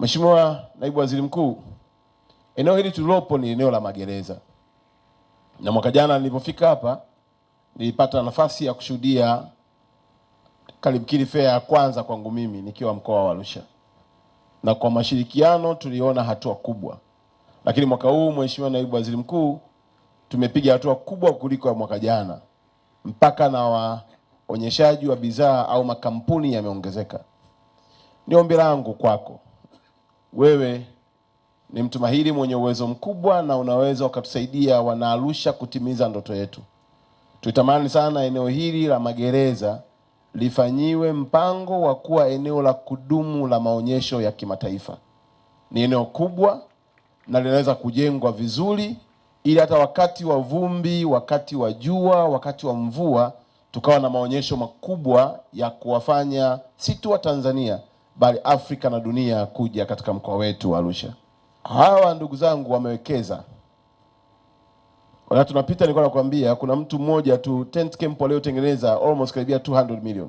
Mheshimiwa Naibu Waziri Mkuu, eneo hili tulilopo ni eneo la magereza, na mwaka jana nilipofika hapa nilipata nafasi ya kushuhudia Kariakoo Fair ya kwanza kwangu mimi nikiwa mkoa wa Arusha, na kwa mashirikiano tuliona hatua kubwa, lakini mwaka huu Mheshimiwa Naibu Waziri Mkuu, tumepiga hatua kubwa kuliko ya mwaka jana, mpaka na waonyeshaji wa bidhaa au makampuni yameongezeka. Ni ombi langu kwako wewe ni mtu mahiri mwenye uwezo mkubwa na unaweza ukatusaidia Wanaarusha kutimiza ndoto yetu. Tutamani sana eneo hili la magereza lifanyiwe mpango wa kuwa eneo la kudumu la maonyesho ya kimataifa. Ni eneo kubwa na linaweza kujengwa vizuri, ili hata wakati wa vumbi, wakati wa jua, wakati wa mvua, tukawa na maonyesho makubwa ya kuwafanya si tu wa Tanzania bali Afrika na dunia kuja katika mkoa wetu wa Arusha. Hawa ndugu zangu wamewekeza. Wakati tunapita nilikuwa nakwambia kuna mtu mmoja tu tent camp aliyotengeneza almost karibia 200 million.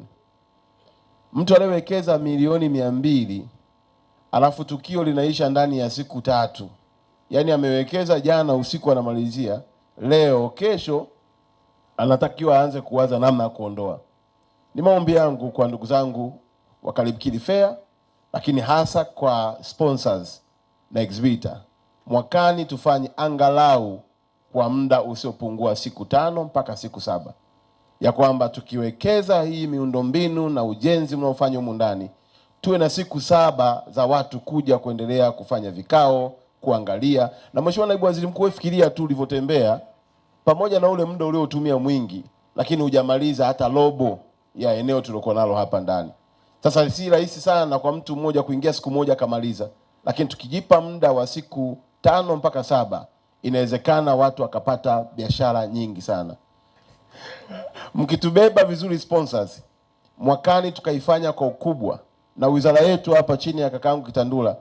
Mtu aliyewekeza milioni mia mbili alafu tukio linaisha ndani ya siku tatu. Yaani amewekeza jana usiku anamalizia, leo kesho anatakiwa aanze kuwaza namna ya kuondoa. Ni maombi yangu kwa ndugu zangu wa Karibu Kili Fair lakini hasa kwa sponsors na exhibitor, mwakani tufanye angalau kwa muda usiopungua siku tano mpaka siku saba ya kwamba tukiwekeza hii miundombinu na ujenzi mnaofanya humu ndani, tuwe na siku saba za watu kuja kuendelea kufanya vikao, kuangalia. Na Mheshimiwa Naibu Waziri Mkuu, fikiria tu ulivyotembea, pamoja na ule muda uliotumia mwingi, lakini hujamaliza hata robo ya eneo tuliokuwa nalo hapa ndani. Sasa si rahisi sana kwa mtu mmoja kuingia siku moja akamaliza, lakini tukijipa muda wa siku tano mpaka saba inawezekana watu wakapata biashara nyingi sana. Mkitubeba vizuri sponsors, mwakani tukaifanya kwa ukubwa, na wizara yetu hapa chini ya kakaangu Kitandula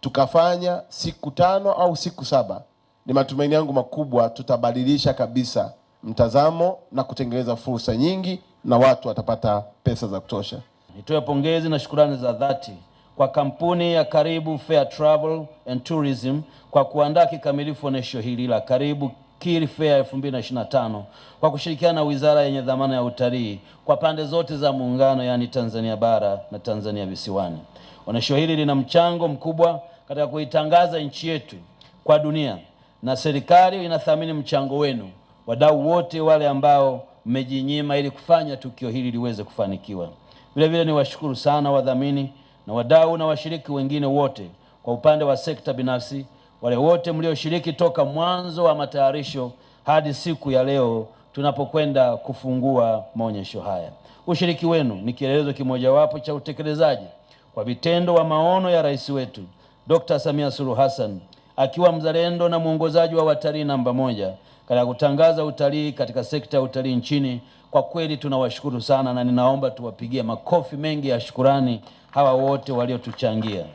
tukafanya siku tano au siku saba, ni matumaini yangu makubwa tutabadilisha kabisa mtazamo na kutengeneza fursa nyingi, na watu watapata pesa za kutosha nitoe pongezi na shukurani za dhati kwa kampuni ya Karibu Fair Travel and Tourism kwa kuandaa kikamilifu onyesho hili la Karibu Kili Fair 2025 kwa kushirikiana na Wizara yenye dhamana ya utalii kwa pande zote za muungano, yaani Tanzania bara na Tanzania visiwani. Onyesho hili lina mchango mkubwa katika kuitangaza nchi yetu kwa dunia, na serikali inathamini mchango wenu, wadau wote wale ambao mmejinyima ili kufanya tukio hili liweze kufanikiwa. Vilevile niwashukuru sana wadhamini na wadau na washiriki wengine wote kwa upande wa sekta binafsi, wale wote mlioshiriki toka mwanzo wa matayarisho hadi siku ya leo tunapokwenda kufungua maonyesho haya. Ushiriki wenu ni kielelezo kimojawapo cha utekelezaji kwa vitendo wa maono ya rais wetu Dr. Samia Suluhu Hassan akiwa mzalendo na mwongozaji wa watalii namba moja katika kutangaza utalii katika sekta ya utalii nchini. Kwa kweli tunawashukuru sana, na ninaomba tuwapigie makofi mengi ya shukurani hawa wote waliotuchangia.